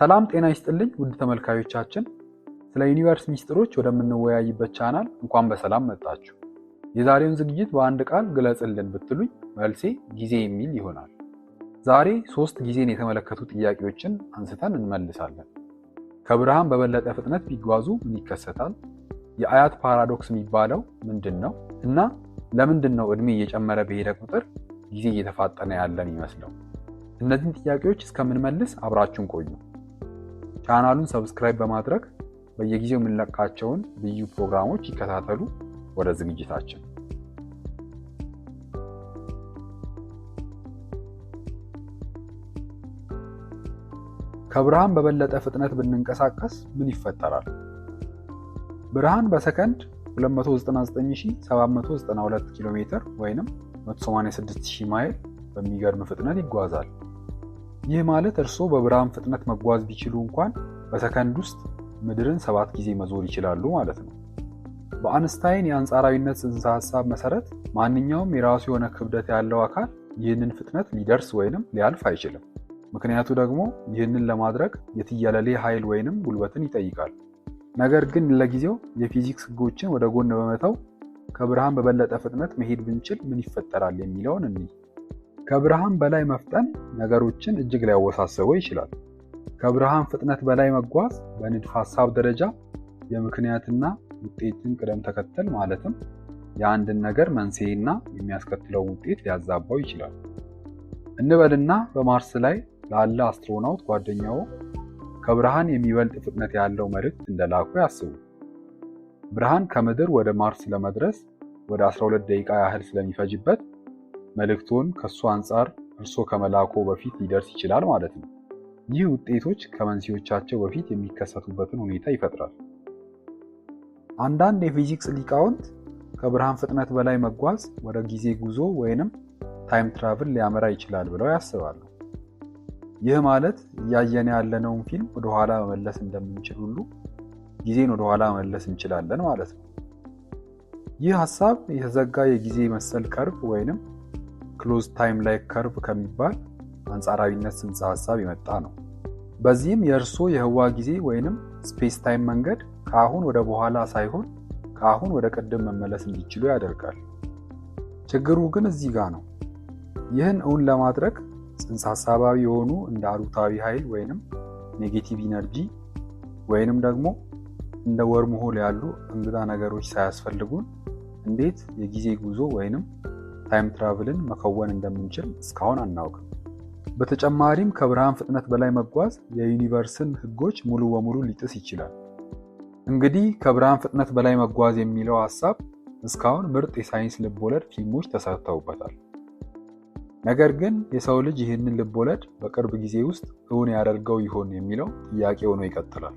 ሰላም ጤና ይስጥልኝ ውድ ተመልካዮቻችን፣ ስለ ዩኒቨርስ ሚስጥሮች ወደምንወያይበት ቻናል እንኳን በሰላም መጣችሁ። የዛሬውን ዝግጅት በአንድ ቃል ግለጽልን ብትሉኝ መልሴ ጊዜ የሚል ይሆናል። ዛሬ ሶስት ጊዜን የተመለከቱ ጥያቄዎችን አንስተን እንመልሳለን። ከብርሃን በበለጠ ፍጥነት ቢጓዙ ምን ይከሰታል? የአያት ፓራዶክስ የሚባለው ምንድን ነው? እና ለምንድን ነው እድሜ እየጨመረ በሄደ ቁጥር ጊዜ እየተፋጠነ ያለን ይመስለው? እነዚህን ጥያቄዎች እስከምንመልስ አብራችሁን ቆዩ። ቻናሉን ሰብስክራይብ በማድረግ በየጊዜው የምንለቃቸውን ልዩ ፕሮግራሞች ይከታተሉ። ወደ ዝግጅታችን ከብርሃን በበለጠ ፍጥነት ብንንቀሳቀስ ምን ይፈጠራል? ብርሃን በሰከንድ 299792 ኪሎ ሜትር ወይም 186000 ማይል በሚገርም ፍጥነት ይጓዛል። ይህ ማለት እርስዎ በብርሃን ፍጥነት መጓዝ ቢችሉ እንኳን በሰከንድ ውስጥ ምድርን ሰባት ጊዜ መዞር ይችላሉ ማለት ነው። በአንስታይን የአንጻራዊነት ጽንሰ ሐሳብ መሰረት ማንኛውም የራሱ የሆነ ክብደት ያለው አካል ይህንን ፍጥነት ሊደርስ ወይንም ሊያልፍ አይችልም። ምክንያቱ ደግሞ ይህንን ለማድረግ የትየለሌ ኃይል ወይንም ጉልበትን ይጠይቃል። ነገር ግን ለጊዜው የፊዚክስ ሕጎችን ወደ ጎን በመተው ከብርሃን በበለጠ ፍጥነት መሄድ ብንችል ምን ይፈጠራል የሚለውን እንይ። ከብርሃን በላይ መፍጠን ነገሮችን እጅግ ሊያወሳስበው ይችላል። ከብርሃን ፍጥነት በላይ መጓዝ በንድፈ ሐሳብ ደረጃ የምክንያትና ውጤትን ቅደም ተከተል ማለትም የአንድን ነገር መንስኤና የሚያስከትለው ውጤት ሊያዛባው ይችላል። እንበልና በማርስ ላይ ላለ አስትሮናውት ጓደኛው ከብርሃን የሚበልጥ ፍጥነት ያለው መልእክት እንደላኩ ያስቡ። ብርሃን ከምድር ወደ ማርስ ለመድረስ ወደ 12 ደቂቃ ያህል ስለሚፈጅበት መልእክቶን ከእሱ አንጻር እርሶ ከመላኮ በፊት ሊደርስ ይችላል ማለት ነው። ይህ ውጤቶች ከመንስኤዎቻቸው በፊት የሚከሰቱበትን ሁኔታ ይፈጥራል። አንዳንድ የፊዚክስ ሊቃውንት ከብርሃን ፍጥነት በላይ መጓዝ ወደ ጊዜ ጉዞ ወይንም ታይም ትራቭል ሊያመራ ይችላል ብለው ያስባሉ። ይህ ማለት እያየን ያለነውን ፊልም ወደኋላ መመለስ እንደምንችል ሁሉ ጊዜን ወደኋላ መመለስ እንችላለን ማለት ነው። ይህ ሀሳብ የተዘጋ የጊዜ መሰል ከርብ ወይንም ክሎዝ ታይም ላይ ከርቭ ከሚባል አንጻራዊነት ጽንሰ ሀሳብ የመጣ ነው። በዚህም የእርስዎ የህዋ ጊዜ ወይንም ስፔስ ታይም መንገድ ከአሁን ወደ በኋላ ሳይሆን ከአሁን ወደ ቅድም መመለስ እንዲችሉ ያደርጋል። ችግሩ ግን እዚህ ጋር ነው። ይህን እውን ለማድረግ ጽንሰ ሀሳባዊ የሆኑ እንደ አሉታዊ ኃይል ወይንም ኔጌቲቭ ኢነርጂ ወይንም ደግሞ እንደ ወርምሆል ያሉ እንግዳ ነገሮች ሳያስፈልጉን እንዴት የጊዜ ጉዞ ወይንም ታይም ትራቭልን መከወን እንደምንችል እስካሁን አናውቅም። በተጨማሪም ከብርሃን ፍጥነት በላይ መጓዝ የዩኒቨርስን ህጎች ሙሉ በሙሉ ሊጥስ ይችላል። እንግዲህ ከብርሃን ፍጥነት በላይ መጓዝ የሚለው ሀሳብ እስካሁን ምርጥ የሳይንስ ልቦለድ ፊልሞች ተሰርተውበታል። ነገር ግን የሰው ልጅ ይህንን ልቦለድ በቅርብ ጊዜ ውስጥ እውን ያደርገው ይሆን የሚለው ጥያቄ ሆኖ ይቀጥላል።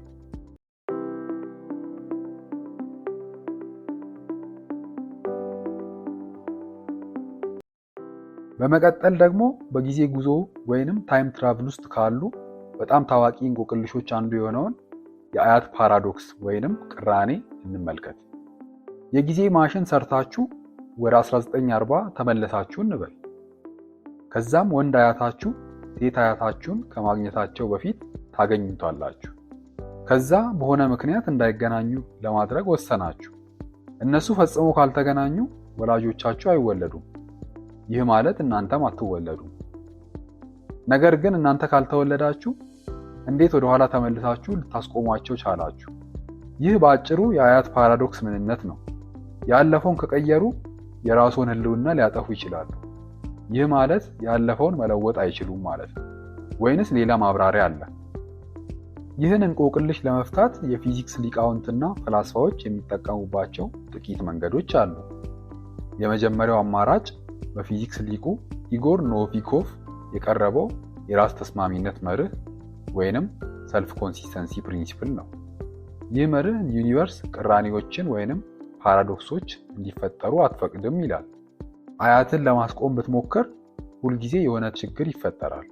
በመቀጠል ደግሞ በጊዜ ጉዞ ወይንም ታይም ትራቭል ውስጥ ካሉ በጣም ታዋቂ እንቆቅልሾች አንዱ የሆነውን የአያት ፓራዶክስ ወይንም ቅራኔ እንመልከት። የጊዜ ማሽን ሰርታችሁ ወደ 1940 ተመለሳችሁ እንበል። ከዛም ወንድ አያታችሁ ሴት አያታችሁን ከማግኘታቸው በፊት ታገኙታላችሁ። ከዛ በሆነ ምክንያት እንዳይገናኙ ለማድረግ ወሰናችሁ። እነሱ ፈጽሞ ካልተገናኙ ወላጆቻችሁ አይወለዱም። ይህ ማለት እናንተም አትወለዱም። ነገር ግን እናንተ ካልተወለዳችሁ እንዴት ወደ ኋላ ተመልሳችሁ ልታስቆሟቸው ቻላችሁ? ይህ በአጭሩ የአያት ፓራዶክስ ምንነት ነው። ያለፈውን ከቀየሩ የራስዎን ህልውና ሊያጠፉ ይችላሉ። ይህ ማለት ያለፈውን መለወጥ አይችሉም ማለት ነው። ወይንስ ሌላ ማብራሪያ አለ? ይህን እንቆቅልሽ ለመፍታት የፊዚክስ ሊቃውንትና ፈላስፋዎች የሚጠቀሙባቸው ጥቂት መንገዶች አሉ። የመጀመሪያው አማራጭ በፊዚክስ ሊቁ ኢጎር ኖቪኮቭ የቀረበው የራስ ተስማሚነት መርህ ወይንም ሰልፍ ኮንሲስተንሲ ፕሪንሲፕል ነው። ይህ መርህ ዩኒቨርስ ቅራኔዎችን ወይንም ፓራዶክሶች እንዲፈጠሩ አትፈቅድም ይላል። አያትን ለማስቆም ብትሞክር ሁልጊዜ የሆነ ችግር ይፈጠራል።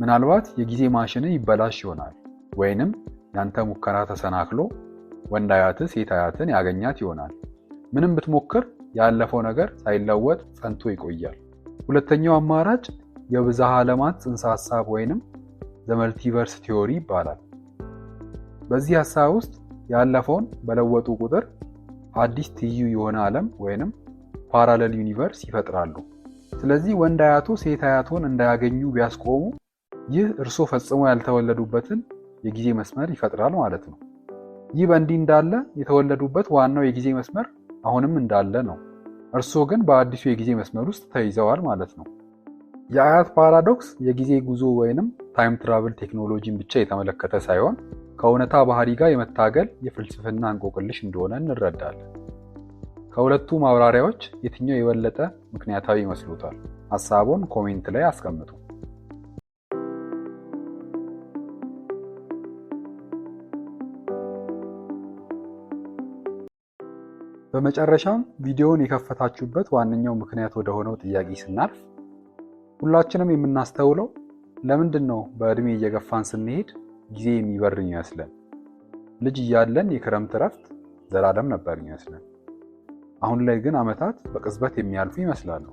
ምናልባት የጊዜ ማሽን ይበላሽ ይሆናል ወይንም ያንተ ሙከራ ተሰናክሎ ወንድ አያት ሴት አያትን ያገኛት ይሆናል። ምንም ብትሞክር ያለፈው ነገር ሳይለወጥ ጸንቶ ይቆያል። ሁለተኛው አማራጭ የብዝሃ ዓለማት ጽንሰ ሐሳብ ወይንም ዘመልቲቨርስ ቲዮሪ ይባላል። በዚህ ሐሳብ ውስጥ ያለፈውን በለወጡ ቁጥር አዲስ ትይዩ የሆነ ዓለም ወይንም ፓራሌል ዩኒቨርስ ይፈጥራሉ። ስለዚህ ወንድ አያቶ ሴት አያቶን እንዳያገኙ ቢያስቆሙ ይህ እርስዎ ፈጽሞ ያልተወለዱበትን የጊዜ መስመር ይፈጥራል ማለት ነው። ይህ በእንዲህ እንዳለ የተወለዱበት ዋናው የጊዜ መስመር አሁንም እንዳለ ነው። እርስዎ ግን በአዲሱ የጊዜ መስመር ውስጥ ተይዘዋል ማለት ነው። የአያት ፓራዶክስ የጊዜ ጉዞ ወይንም ታይም ትራቭል ቴክኖሎጂን ብቻ የተመለከተ ሳይሆን ከእውነታ ባህሪ ጋር የመታገል የፍልስፍና እንቆቅልሽ እንደሆነ እንረዳለን። ከሁለቱ ማብራሪያዎች የትኛው የበለጠ ምክንያታዊ ይመስሉታል ሀሳቦን ኮሜንት ላይ አስቀምጡ። በመጨረሻም ቪዲዮውን የከፈታችሁበት ዋነኛው ምክንያት ወደ ሆነው ጥያቄ ስናልፍ ሁላችንም የምናስተውለው ለምንድን ነው በእድሜ እየገፋን ስንሄድ ጊዜ የሚበር ይመስለን? ልጅ እያለን የክረምት እረፍት ዘላለም ነበር ይመስለን። አሁን ላይ ግን ዓመታት በቅጽበት የሚያልፉ ይመስላሉ።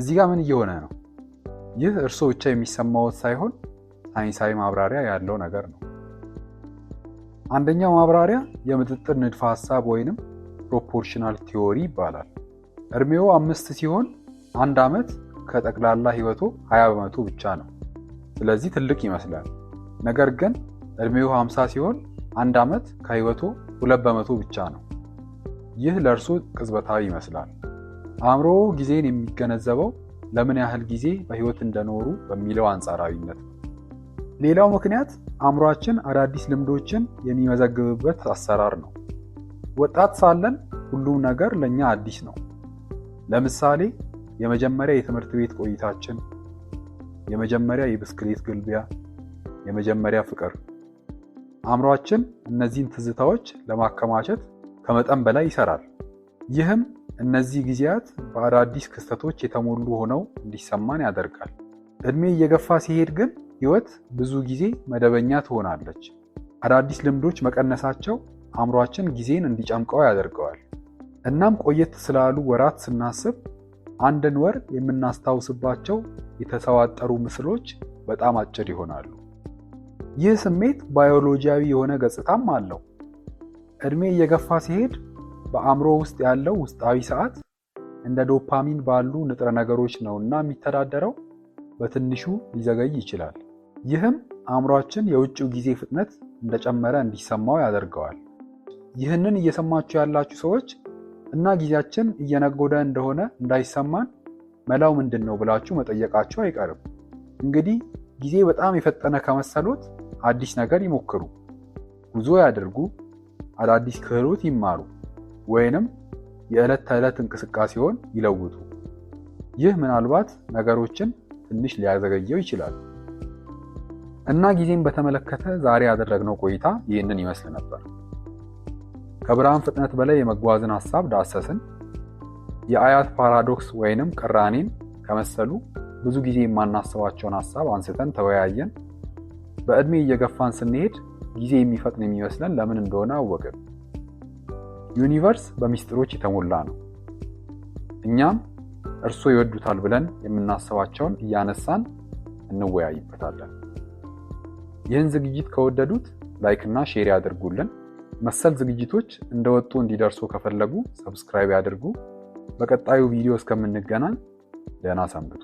እዚህ ጋር ምን እየሆነ ነው? ይህ እርስዎ ብቻ የሚሰማዎት ሳይሆን ሳይንሳዊ ማብራሪያ ያለው ነገር ነው። አንደኛው ማብራሪያ የምጥጥር ንድፈ ሐሳብ ወይንም ፕሮፖርሽናል ቲዎሪ ይባላል። እድሜው አምስት ሲሆን አንድ ዓመት ከጠቅላላ ህይወቱ 20 በመቶ ብቻ ነው። ስለዚህ ትልቅ ይመስላል። ነገር ግን እድሜው 50 ሲሆን አንድ ዓመት ከህይወቱ 2 በመቶ ብቻ ነው። ይህ ለእርሱ ቅጽበታዊ ይመስላል። አእምሮ ጊዜን የሚገነዘበው ለምን ያህል ጊዜ በህይወት እንደኖሩ በሚለው አንጻራዊነት ነው። ሌላው ምክንያት አእምሯችን አዳዲስ ልምዶችን የሚመዘግብበት አሰራር ነው። ወጣት ሳለን ሁሉም ነገር ለእኛ አዲስ ነው። ለምሳሌ የመጀመሪያ የትምህርት ቤት ቆይታችን፣ የመጀመሪያ የብስክሌት ግልቢያ፣ የመጀመሪያ ፍቅር። አእምሯችን እነዚህን ትዝታዎች ለማከማቸት ከመጠን በላይ ይሰራል። ይህም እነዚህ ጊዜያት በአዳዲስ ክስተቶች የተሞሉ ሆነው እንዲሰማን ያደርጋል። እድሜ እየገፋ ሲሄድ ግን ሕይወት ብዙ ጊዜ መደበኛ ትሆናለች። አዳዲስ ልምዶች መቀነሳቸው አእምሯችን ጊዜን እንዲጨምቀው ያደርገዋል። እናም ቆየት ስላሉ ወራት ስናስብ አንድን ወር የምናስታውስባቸው የተሰዋጠሩ ምስሎች በጣም አጭር ይሆናሉ። ይህ ስሜት ባዮሎጂያዊ የሆነ ገጽታም አለው። እድሜ እየገፋ ሲሄድ በአእምሮ ውስጥ ያለው ውስጣዊ ሰዓት እንደ ዶፓሚን ባሉ ንጥረ ነገሮች ነው እና የሚተዳደረው በትንሹ ሊዘገይ ይችላል። ይህም አእምሯችን የውጭው ጊዜ ፍጥነት እንደጨመረ እንዲሰማው ያደርገዋል። ይህንን እየሰማችሁ ያላችሁ ሰዎች እና ጊዜያችን እየነጎደ እንደሆነ እንዳይሰማን መላው ምንድን ነው ብላችሁ መጠየቃችሁ አይቀርም። እንግዲህ ጊዜ በጣም የፈጠነ ከመሰሎት አዲስ ነገር ይሞክሩ፣ ጉዞ ያደርጉ አዳዲስ ክህሎት ይማሩ፣ ወይንም የዕለት ተዕለት እንቅስቃሴውን ይለውጡ። ይህ ምናልባት ነገሮችን ትንሽ ሊያዘገየው ይችላል። እና ጊዜን በተመለከተ ዛሬ ያደረግነው ቆይታ ይህንን ይመስል ነበር። ከብርሃን ፍጥነት በላይ የመጓዝን ሐሳብ ዳሰስን። የአያት ፓራዶክስ ወይንም ቅራኔን ከመሰሉ ብዙ ጊዜ የማናስባቸውን ሐሳብ አንስተን ተወያየን። በዕድሜ እየገፋን ስንሄድ ጊዜ የሚፈጥን የሚመስለን ለምን እንደሆነ አወቅን። ዩኒቨርስ በሚስጥሮች የተሞላ ነው። እኛም እርስዎ ይወዱታል ብለን የምናስባቸውን እያነሳን እንወያይበታለን። ይህን ዝግጅት ከወደዱት ላይክ እና ሼር ያድርጉልን። መሰል ዝግጅቶች እንደወጡ እንዲደርሱ ከፈለጉ ሰብስክራይብ ያድርጉ። በቀጣዩ ቪዲዮ እስከምንገናኝ ደህና ሰንብቱ።